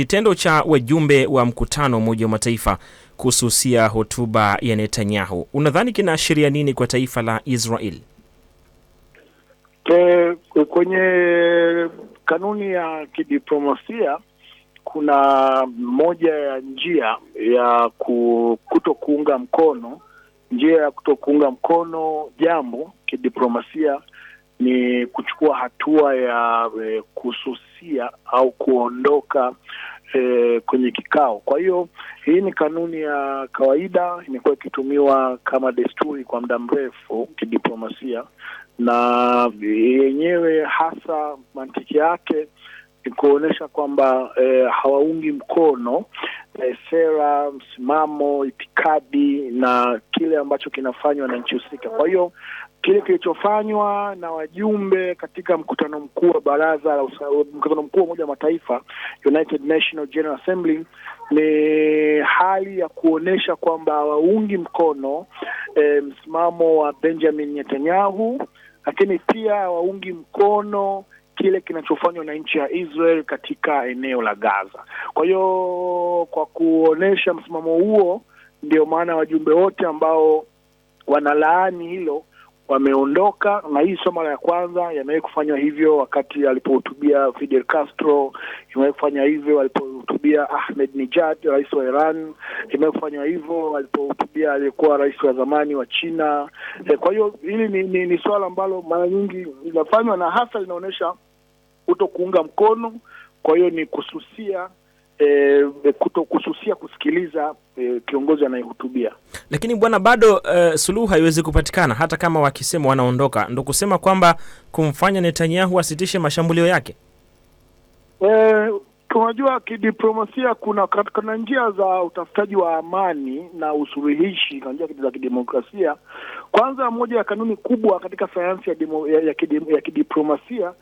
Kitendo cha wajumbe wa mkutano wa Umoja wa Mataifa kususia hotuba ya Netanyahu, unadhani kinaashiria nini kwa taifa la Israel? Ke, kwenye kanuni ya kidiplomasia kuna moja ya njia ya kuto kuunga mkono njia ya kuto kuunga mkono jambo kidiplomasia ni kuchukua hatua ya eh, kususia ghasia au kuondoka E, kwenye kikao. Kwa hiyo hii ni kanuni ya kawaida, imekuwa ikitumiwa kama desturi kwa muda mrefu kidiplomasia, na yenyewe hasa mantiki yake ni kuonyesha kwamba e, hawaungi mkono eh, sera, msimamo, itikadi na kile ambacho kinafanywa na nchi husika. Kwa hiyo kile kilichofanywa na wajumbe katika mkutano mkuu wa baraza la mkutano mkuu wa Umoja wa Mataifa, United National General Assembly, ni hali ya kuonyesha kwamba hawaungi mkono eh, msimamo wa Benjamin Netanyahu, lakini pia hawaungi mkono kile kinachofanywa na nchi ya Israel katika eneo la Gaza. Kwa hiyo kwa kuonesha msimamo huo, ndio maana wajumbe wote ambao wanalaani hilo wameondoka, na hii sio mara ya kwanza. Yamewahi kufanywa hivyo wakati alipohutubia Fidel Castro, imewahi kufanya hivyo alipohutubia Ahmed Nijad, rais wa Iran, imewahi kufanywa hivyo alipohutubia aliyekuwa rais wa zamani wa China. Eh, kwa hiyo hili ni, ni, ni suala ambalo mara nyingi linafanywa na hasa linaonyesha kuto kuunga mkono. Kwa hiyo ni kususia E, eh, kuto kususia kusikiliza e, kiongozi anayehutubia. Lakini bwana, bado e, suluhu haiwezi kupatikana hata kama wakisema wanaondoka, ndo kusema kwamba kumfanya Netanyahu asitishe mashambulio yake. E, tunajua kidiplomasia kuna, kuna njia za utafutaji wa amani na usuluhishi na njia za kidemokrasia. Kwanza, moja ya kanuni kubwa katika sayansi ya, ya, ya, ya kidiplomasia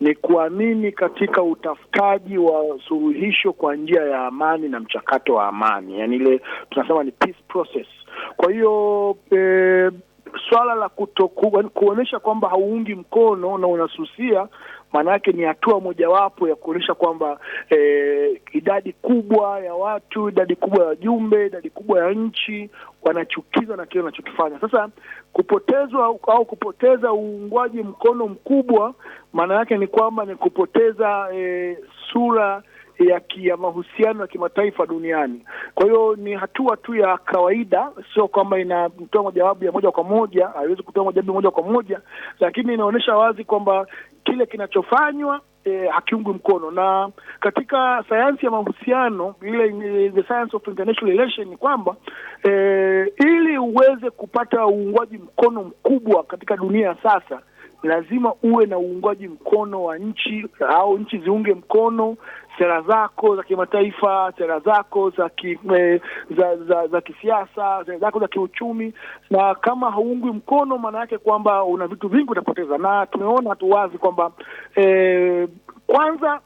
ni kuamini katika utafutaji wa suluhisho kwa njia ya amani na mchakato wa amani, yaani ile tunasema ni peace process. Kwa hiyo eh, swala la kuonyesha kwamba hauungi mkono na unasusia maana yake ni hatua mojawapo ya kuonyesha kwamba eh, idadi kubwa ya watu, idadi kubwa ya wajumbe, idadi kubwa ya nchi wanachukizwa na kile wanachokifanya. Sasa kupotezwa au, au kupoteza uungwaji mkono mkubwa, maana yake ni kwamba ni kupoteza eh, sura ya, ya mahusiano ya kimataifa duniani. Kwa hiyo ni hatua tu ya kawaida, sio kwamba inatoa majawabu ya moja kwa moja, haiwezi kutoa majawabu moja kwa moja, lakini inaonyesha wazi kwamba kile kinachofanywa E, hakiungwi mkono na katika sayansi ya mahusiano ile the science of international relation, ni kwamba e, ili uweze kupata uungwaji mkono mkubwa katika dunia ya sasa lazima uwe na uungwaji mkono wa nchi au nchi ziunge mkono sera zako za kimataifa, sera zako za, ki, e, za, za, za kisiasa, sera zako za kiuchumi, na kama hauungwi mkono, maana yake kwamba una vitu vingi utapoteza, na tumeona tu wazi kwamba e, kwanza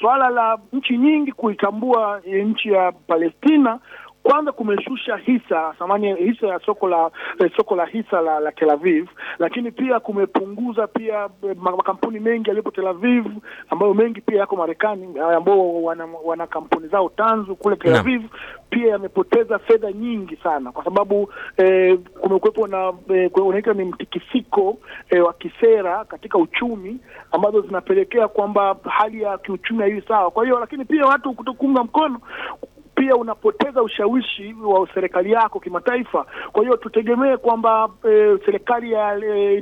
suala la nchi nyingi kuitambua nchi ya Palestina kwanza kumeshusha hisa thamani hisa ya soko la eh, soko la hisa la, la Tel Aviv, lakini pia kumepunguza pia eh, makampuni mengi yaliyopo Tel Aviv ambayo mengi pia yako Marekani eh, ambao wana, wana kampuni zao tanzu kule Tel Aviv no. pia yamepoteza fedha nyingi sana kwa sababu eh, kumekuwepo na eh, unaitwa ni mtikisiko eh, wa kisera katika uchumi ambazo zinapelekea kwamba hali ya kiuchumi haiwi sawa. Kwa hiyo lakini pia watu kutokuunga mkono pia unapoteza ushawishi wa serikali yako kimataifa. Kwa hiyo tutegemee kwamba e, serikali e, eh,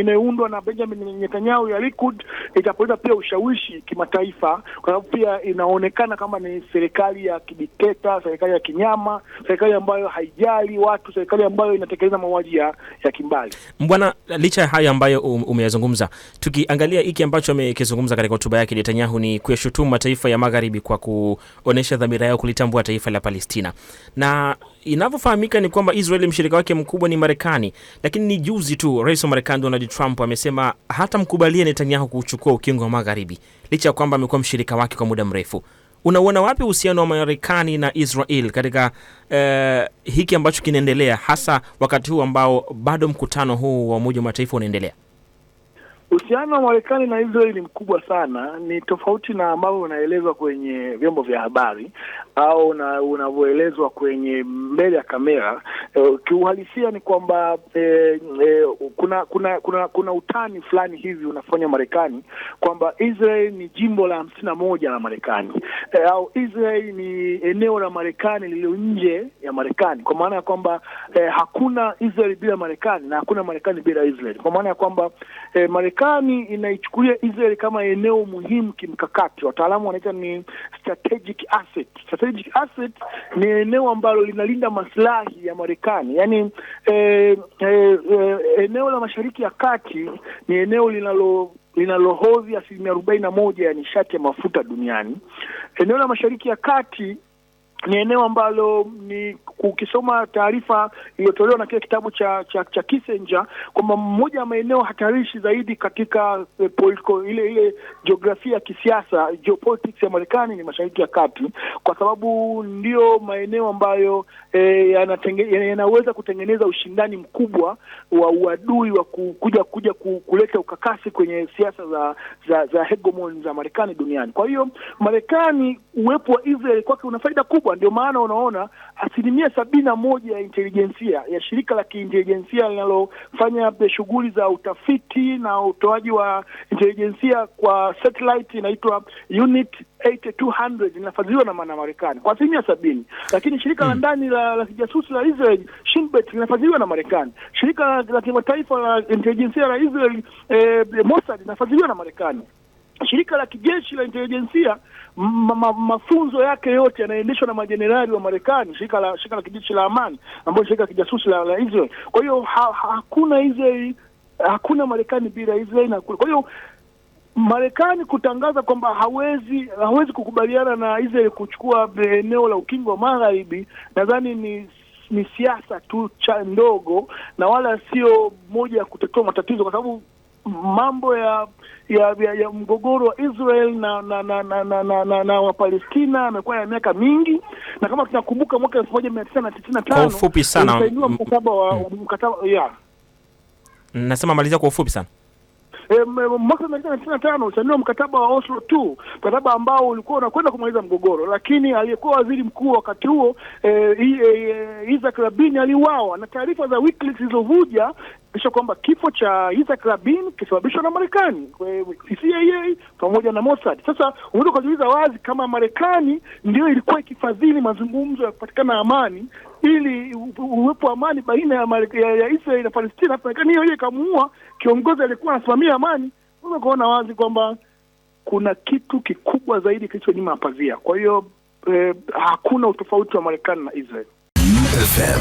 inayoundwa na Benjamin Netanyahu ya Likud itapoteza pia ushawishi kimataifa, kwa sababu pia inaonekana kama ni serikali ya kidikteta, serikali ya kinyama, serikali ambayo haijali watu, serikali ambayo inatekeleza mauaji ya, ya kimbali. Mbwana, licha ya hayo ambayo umeyazungumza, tukiangalia hiki ambacho amekizungumza katika hotuba yake Netanyahu ni kuyashutumu mataifa ya magharibi kwa kuonesha dhamira yao kulita mambo ya taifa la Palestina. Na inavyofahamika ni kwamba Israeli mshirika wake mkubwa ni Marekani, lakini ni juzi tu rais wa Marekani Donald Trump amesema hatamkubalia Netanyahu kuchukua ukingo wa Magharibi licha ya kwamba amekuwa mshirika wake kwa muda mrefu. Unauona wapi uhusiano wa Marekani na Israel katika eh, hiki ambacho kinaendelea hasa wakati huu ambao bado mkutano huu wa Umoja wa Mataifa unaendelea? Uhusiano wa Marekani na israel ni mkubwa sana, ni tofauti na ambavyo unaelezwa kwenye vyombo vya habari au unavyoelezwa kwenye mbele ya kamera. Uh, kiuhalisia ni kwamba e, e, kuna, kuna kuna kuna utani fulani hivi unafanya Marekani kwamba Israel ni jimbo la hamsini na moja la Marekani e, au Israel ni eneo la Marekani lililo nje ya Marekani, kwa maana ya kwamba e, hakuna Israel bila Marekani na hakuna Marekani bila Israel, kwa maana ya kwamba e, Marekani inaichukulia Israel kama eneo muhimu kimkakati, wataalamu wanaita ni strategic asset. Strategic asset ni eneo ambalo linalinda maslahi ya Marekani, yaani eh, eh, eh, eneo la Mashariki ya Kati ni eneo linalo linalohodhi asilimia arobaini na moja ya nishati ya mafuta duniani. Eneo la Mashariki ya Kati ni eneo ambalo ni ukisoma taarifa iliyotolewa na kile kitabu cha cha, cha Kissinger kwamba mmoja wa maeneo hatarishi zaidi katika e, eh, politiko, ile ile jiografia ya kisiasa geopolitics ya Marekani ni Mashariki ya Kati, kwa sababu ndiyo maeneo ambayo e, yanaweza kutengeneza ushindani mkubwa wa uadui wa kuja kuja kuleta ukakasi kwenye siasa za za, za hegemon za Marekani duniani. Kwa hiyo Marekani, uwepo wa Israel kwake una faida kubwa kubwa. Ndio maana unaona asilimia sabini na moja ya intelijensia ya shirika la kiintelijensia linalofanya shughuli za utafiti na utoaji wa intelijensia kwa satellite inaitwa Unit 8200 linafadhiliwa na Marekani kwa asilimia sabini, lakini shirika mm, la hmm. ndani la kijasusi la Israel Shinbet linafadhiliwa na Marekani. Shirika la kimataifa la intelijensia la Israel eh, Mossad linafadhiliwa na Marekani shirika la kijeshi la intelijensia ma, ma, mafunzo yake yote yanaendeshwa na majenerali wa Marekani, shirika la shirika la kijeshi la amani ambayo shirika la kijasusi la, la Israel. Kwa hiyo ha, ha, hakuna Israel, hakuna Marekani bila Israel na kwa hiyo Marekani kutangaza kwamba hawezi hawezi kukubaliana na Israel kuchukua eneo la ukingo wa magharibi, nadhani ni ni siasa tu cha ndogo na wala sio moja ya kutatua matatizo, kwa sababu mambo ya ya, ya, ya mgogoro wa Israel na na na na, na, na, na, na Wapalestina amekuwa ya miaka mingi, na kama tunakumbuka mwaka elfu moja mia tisa na tisini na tano ufupi sana usainiwa mkataba wa mkataba ya nasema malizia kwa ufupi sana eh, mwaka mia tisa na tisini tano usainiwa mkataba wa Oslo two, mkataba ambao ulikuwa unakwenda kumaliza mgogoro, lakini aliyekuwa waziri mkuu wakati huo eh, eh, eh, Isaac Rabin aliuawa, na taarifa za WikiLeaks zilizovuja kisha kwamba kifo cha Isaac Rabin kisababishwa na Marekani, CIA pamoja na Mossad. Sasa unaweza ukajiuliza wazi kama Marekani ndio ilikuwa ikifadhili mazungumzo ya kupatikana amani ili uwepo amani baina ya, ya, ya Israeli na Palestina, Marekani hiyo hiyo ikamuua kiongozi alikuwa anasimamia amani. Unaweza ukaona wazi kwamba kuna kitu kikubwa zaidi kilicho nyuma ya pazia. Kwa hiyo eh, hakuna utofauti wa Marekani na Israeli.